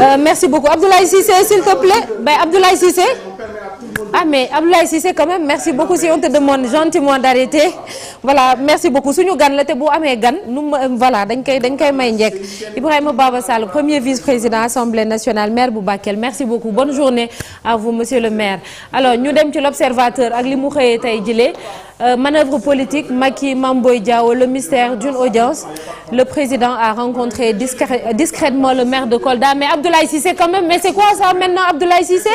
Euh, merci beaucoup Abdoulaye Cissé s'il te plaît bay Abdoulaye Cissé ah mais Abdoulaye Cissé quand même merci beaucoup si on te demande gentiment d'arrêter voilà merci beaucoup suñu gan la te boo amee gan nu voilà dañ koy dañ koy may njekk Ibrahima Baba Sall premier vice-président Assemblée nationale maire bu Bakel merci beaucoup bonne journée à vous monsieur le maire alors ñu dem ci l'observateur ak li mu xëyee tey jilee euh, manœuvre politique Macky Mamboy Diao le mystère d'une audience le président a rencontré discrètement le maire de Kolda mais Abdoulaye Cissé quand même mais c'est quoi ça maintenant Abdoulaye Cissé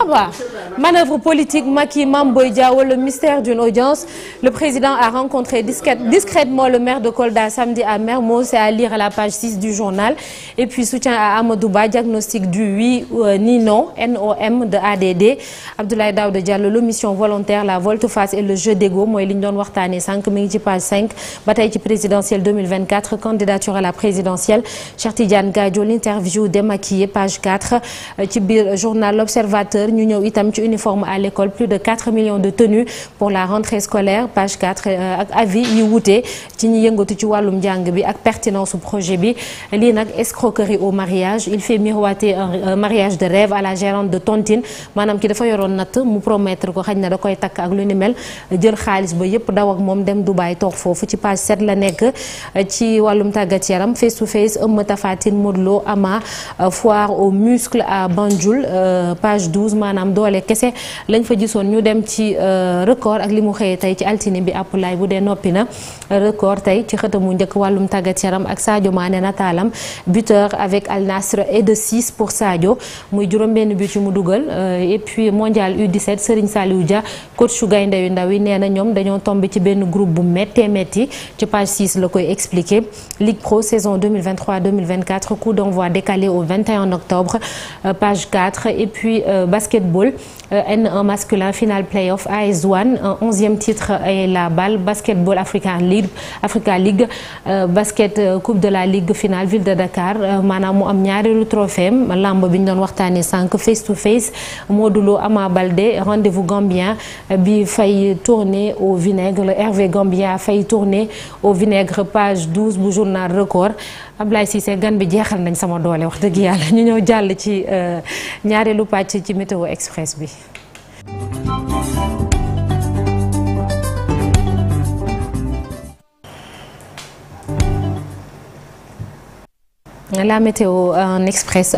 ah bah Manœuvre politique, Maki Mamboïdia ou le mystère d'une audience. Le président a rencontré discrètement le maire de Kolda samedi à Mermoz. C'est à lire à la page 6 du journal. Et puis soutien à Amadouba, diagnostic du oui euh, ni non, NOM de ADD. Abdoulaye Daouda Diallo, le mission volontaire, la volte-face et le jeu d'ego. Moi, Lindon Wartane, 5, Mingi page 5, bataille présidentielle 2024, candidature à la présidentielle. Chertidiane Gadjo, l'interview démaquillée, page 4. Euh, journal L'Observateur, uniforme à l'école plus de 4 millions de tenues pour la rentrée scolaire page 4 euh, ak avis yi wutee ci ñi yëngatu ci wàllum njàng bi ak pertinence su projet bi lii nag escroquerie au mariage il fait miroiter un euh, mariage de rêve à la gérante de tontine maanaam ki dafa yoroon natt mu promettre ko xañ na da koy takk ak lu ni jël xaalis ba yépp daw ak moom dem Dubaï toog foofu ci page 7 la nekk ci wàllum tàggat yaram face to face ëmm Tafatine Modou Ama euh, foire kese lañ fa jisoon ñu dem ci euh, record ak li mu xëyee tey ci altine bi àpp laay bu dee noppi na record tey ci xëtamu njëkk wàllum tàggat yaram ak Sadio Mané nataalam buteur avec Al Nassr et de 6 pour saajo muy juróom-benn but yu mu dugal euh, et puis mondial U17 Serigne Saliou Dia coach gaynde yu ndaw yi nee na ñoom dañoo tombé ci benn groupe bu méttee métti ci page 6 la koy expliquer Ligue Pro saison 2023 2024 coup d'envoi décalé au 21 octobre euh, page 4 et puis basketball Euh, N1 masculin final playoff AS un onzième titre et la balle basketball Africa League Africa League euh, basket euh, coupe de la ligue final ville de Dakar maanaam mu am ñaareelu trophée lamb bi ñu doon waxtaanee sànq face to face Modou Lo Ama Baldé rendez-vous gambien bi fay tourner au vinaigre le RV fay tourner au vinaigre page 12 bu journal record Ablaye Cissé gan bi jeexal nañ sama doole wax dëgg yàlla ñu ñëw jàll ci ñaareelu pàcc ci météo express bi. La météo en express.